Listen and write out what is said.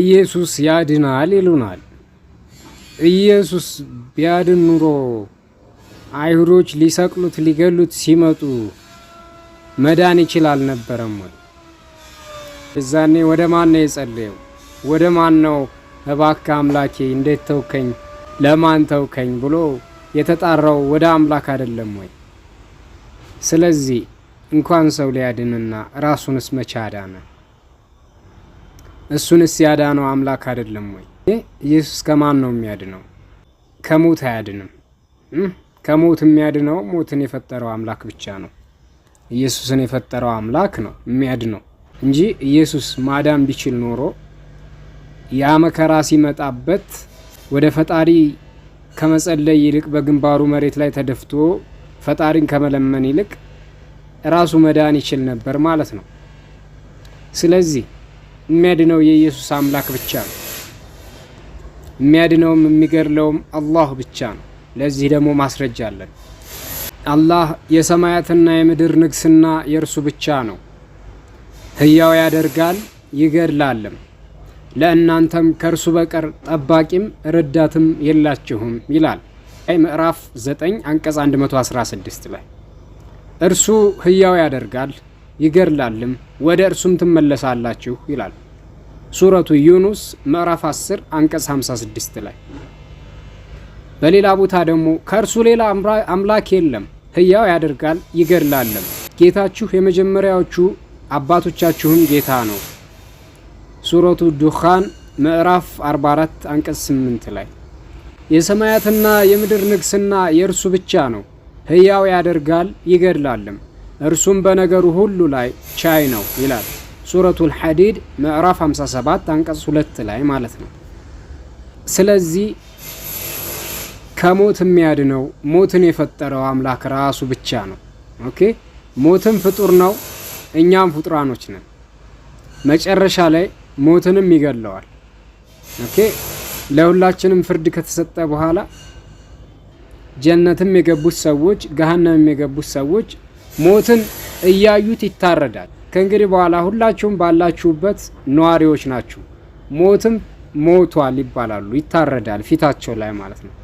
ኢየሱስ ያድናል ይሉናል። ኢየሱስ ቢያድን ኑሮ አይሁዶች ሊሰቅሉት ሊገሉት ሲመጡ መዳን ይችል አልነበረም ወይ? እዛኔ ወደ ማን ነው የጸለየው? ወደ ማን ነው እባክ አምላኬ እንዴት ተውከኝ፣ ለማን ተውከኝ ብሎ የተጣራው ወደ አምላክ አይደለም ወይ? ስለዚህ እንኳን ሰው ሊያድንና ራሱንስ መቻ አዳነ? እሱንስ ያዳነው አምላክ አይደለም ወይ? ኢየሱስ ከማን ነው የሚያድነው? ከሞት አያድንም። ከሞት የሚያድነው ሞትን የፈጠረው አምላክ ብቻ ነው። ኢየሱስን የፈጠረው አምላክ ነው የሚያድነው እንጂ ኢየሱስ ማዳን ቢችል ኖሮ ያ መከራ ሲመጣበት ወደ ፈጣሪ ከመጸለይ ይልቅ በግንባሩ መሬት ላይ ተደፍቶ ፈጣሪን ከመለመን ይልቅ ራሱ መዳን ይችል ነበር ማለት ነው። ስለዚህ የሚያድነው የኢየሱስ አምላክ ብቻ ነው። የሚያድነውም የሚገድለውም አላህ ብቻ ነው። ለዚህ ደግሞ ማስረጃ አለን። አላህ የሰማያትና የምድር ንግስና የእርሱ ብቻ ነው። ህያው ያደርጋል ይገድላልም። ለእናንተም ከእርሱ በቀር ጠባቂም ረዳትም የላችሁም ይላል። ምዕራፍ 9 አንቀጽ 116 ላይ እርሱ ህያው ያደርጋል ይገድላልም ወደ እርሱም ትመለሳላችሁ ይላል ሱረቱ ዩኑስ ምዕራፍ 10 አንቀጽ 56 ላይ። በሌላ ቦታ ደግሞ ከእርሱ ሌላ አምላክ የለም፣ ህያው ያደርጋል ይገድላለም፣ ጌታችሁ የመጀመሪያዎቹ አባቶቻችሁም ጌታ ነው። ሱረቱ ዱኻን ምዕራፍ 44 አንቀጽ 8 ላይ። የሰማያትና የምድር ንግስና የእርሱ ብቻ ነው፣ ህያው ያደርጋል ይገድላለም እርሱም በነገሩ ሁሉ ላይ ቻይ ነው ይላል ሱረቱል ሐዲድ ምዕራፍ 57 አንቀጽ 2 ላይ ማለት ነው። ስለዚህ ከሞት የሚያድነው ሞትን የፈጠረው አምላክ ራሱ ብቻ ነው። ኦኬ ሞትም ፍጡር ነው፣ እኛም ፍጡራኖች ነን። መጨረሻ ላይ ሞትንም ይገለዋል። ኦኬ ለሁላችንም ፍርድ ከተሰጠ በኋላ ጀነትም የገቡት ሰዎች ገሃነም የገቡት ሰዎች ሞትን እያዩት ይታረዳል። ከእንግዲህ በኋላ ሁላችሁም ባላችሁበት ነዋሪዎች ናችሁ፣ ሞትም ሞቷል ይባላሉ። ይታረዳል ፊታቸው ላይ ማለት ነው።